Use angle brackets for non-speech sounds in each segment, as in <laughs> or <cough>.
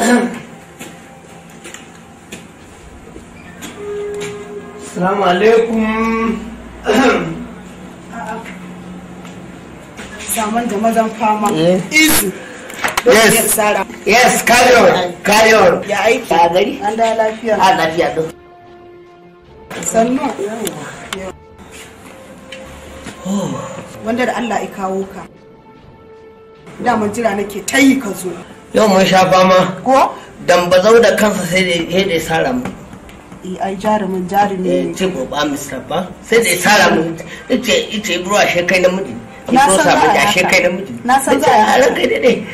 السلام عليكم Zaman da mazan fama. Eh. yes Yes. Yes, kayor. Kayor. Ya aiki. Ya gari. An da lafiya. A ah, lafiya don. Sannu. Wanda da Allah ya kawo ka. Daman jira nake ta yi ka zo. yau mun sha fama Kuwa. dan zau da kansa sai da ya sara mu e, ai jarumin jarumi ne eh, ce ba mr ba sai da ya sara mu ce ita bro ashe kai namiji ki so samu da ashe kai namiji na san za a halin kai dai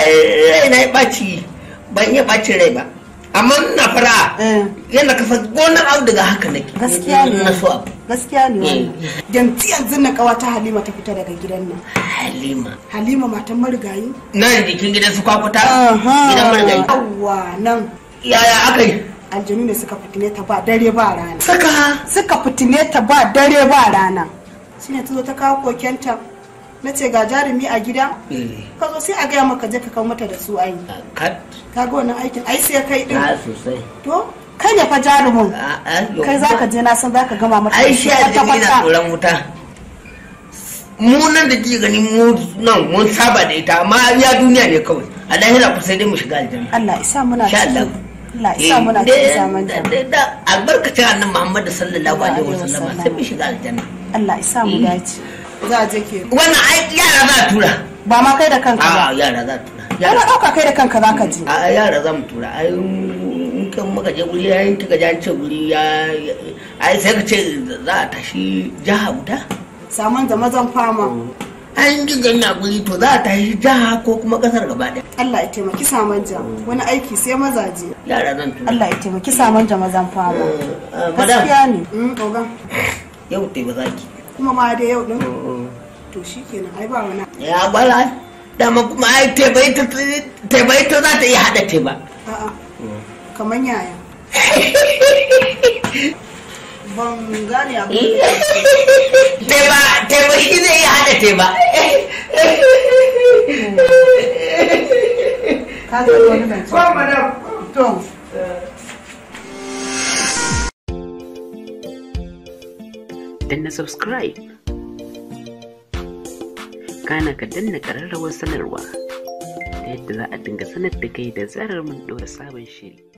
ai rai na baci ban yi baci rai ba amma eh. na fara yana kasa gona abu daga haka nake gaskiya ne na so abu gaskiya ne wannan yanzu yanzu na kawata halima ta fita daga gidan nan halima halima matan marigayi na nan kin gidan su kwakuta gidan marigayi yawwa nan yaya aka yi aljanu ne suka fitine ta ba dare ba rana suka suka fitine ta ba dare ba rana shine ta ta kawo kokenta na ce ga jarumi a gida eh. ka zo sai a gaya maka je ka kawo mata da su ai ka ga wannan aikin ai sai kai din to kai ne fa jarumin kai za ka je na san za ka gama mata ai shi a jiki na tsoron wuta mu nan da kike gani mu nan mun saba da ita amma ya duniya ne kawai a lahira ku sai dai mu shiga aljanna Allah isa muna cikin Allah isa muna eh, cikin zaman da albarkacin annabi Muhammad sallallahu alaihi wasallam sai mu shiga aljanna Allah isa mu eh. dace za a je ke wannan ai yara za tura ba ma kai da kanka ba a yara za tura yara dauka kai da kanka za ka je a yara za mu tura ai kan muka je guri ya yanki ga jance guri ya ai sai ka ce za a tashi jiha guda saman da mazan fama an ji ganna guri to za a tashi jiha ko kuma kasar gaba ɗaya Allah ya taimaki saman ja wani aiki sai mazaje yara zan tuna Allah ya taimaki saman ja mazan fama eh, eh, gaskiya ne mm, ogan yau tai ba kuma ma da yau din mm, mm. to shikenan ai ba wani ya bala dama kuma ai teba ita za ta iya hada teba kamar yaya <laughs> ban gane abu eh. teba teba shi zai iya hada teba ka zai wani ce ba danna subscribe kana ka danna ƙararrawar sanarwa ta yadda za a dinga sanar da kai da zarar mun ɗora sabon shiri